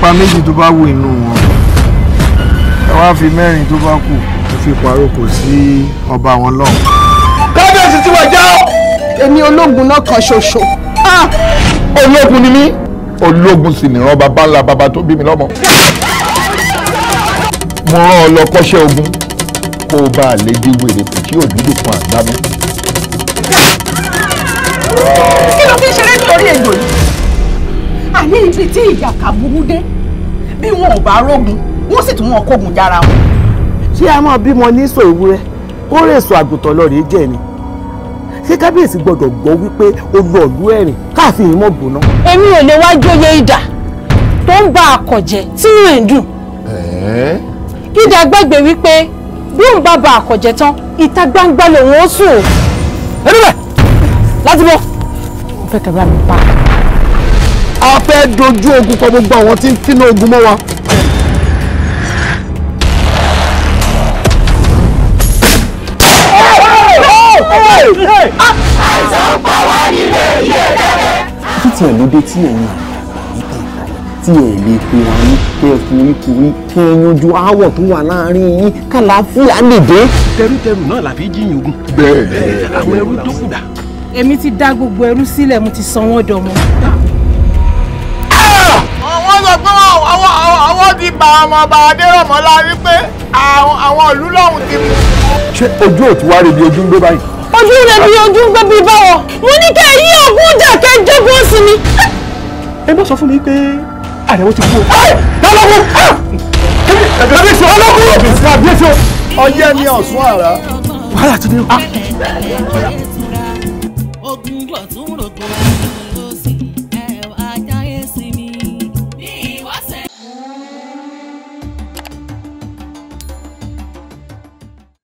pa méjì tó bá wù inú wọn ẹ wá fi mẹ́rin tó bá kù ẹ fi pàrókò sí ọba wọn lọ́hùn. kábíyèsí tí wọ́n já ọ́. èmi ológun náà kan ṣoṣo. ológun ni mí ológun sì nìran bàbá ńlá bàbá tó bí mi lọ́mọ. mo rán ọ lọ kọ́ṣẹ́ ogun kó o bá a lè di wèrè kù tí òdúdú kan àgbá mi. kí ló fi immediately tí ìjàkà burú dé bí wọn ò bá rógun wọn sì tún wọn kógun jára wọn. ṣé a máa bímọ ní sọ ewúrẹ́ ó rè sọ àgùntàn lọ rèé jẹ ni ṣé kábíyèsí gbọ́dọ̀ gbọ́ wípé o lọ ìlú ẹ̀rìn káàfin ìmọ̀ gbóná. èmi ò lè wá jóye idà tó ń bá àkọ̀jẹ́ sínú ẹ̀ ń dùn. idà gbàgbé wípé bí òun bá ba àkọ̀jẹ́ tán ìta gbangba lòun ó sùn. ẹnu bẹ láti bọ. mo fẹ́ kẹ́ bá mi pa á dojú ogun kọ gbogbo àwọn tí ń fínà ogun mọ́ wa. àìsàn pa wá nílé tí ẹ̀yin àgbààgbà ní kẹta tí ẹ̀ lè pe wa ní kẹkùnrin kẹ yanjú aáwọ̀ tó wà láàrin yín kàlàáfíà lè dé. tẹrútẹrù náà làbí jíyìn ogun. bẹ́ẹ̀ àwọn ẹrú tó kù dà. èmi ti dá gbogbo ẹrú sílẹ̀ mo ti sanwó dọmọ sọ pé àwọn àwọn ti bá ọmọ ọba adéròmọlá wípé àwọn ìlú lọ́hùn ti mú. ṣé ojú ò ti wá rí bí ojú ń gbé báyìí. ojú rẹ̀ bí ojú ń gbé bí báwọ̀ mo ní kẹ́ ẹ yí ògùn jà kẹ́ ẹ jẹ́gun òsì mi. ẹ má sọ fún mi pé àrẹ̀wò ti kú o. lọ́lọ́wọ́ kábíyèsí ọlọ́wọ́ mi ọ̀sùn àrà. wàhálà ti dé o.